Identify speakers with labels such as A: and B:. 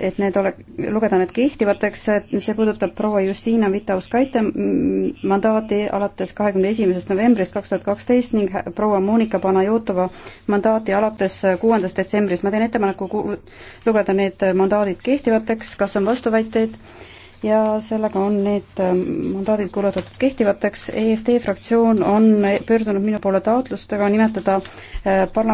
A: et need ole, lugeda need kehtivateks, see puudutab proua Justiina Vitaus-Kaite mandaati alates kahekümne esimesest novembrist kaks tuhat kaksteist ning proua Monika Panajotova mandaati alates kuuendast detsembrist. ma teen ettepaneku lugeda need mandaadid kehtivateks, kas on vastuväiteid? ja sellega on need ähm, mandaadid kuulutatud kehtivateks. EFD fraktsioon on pöördunud minu poole taotlustega
B: nimetada äh, parla-,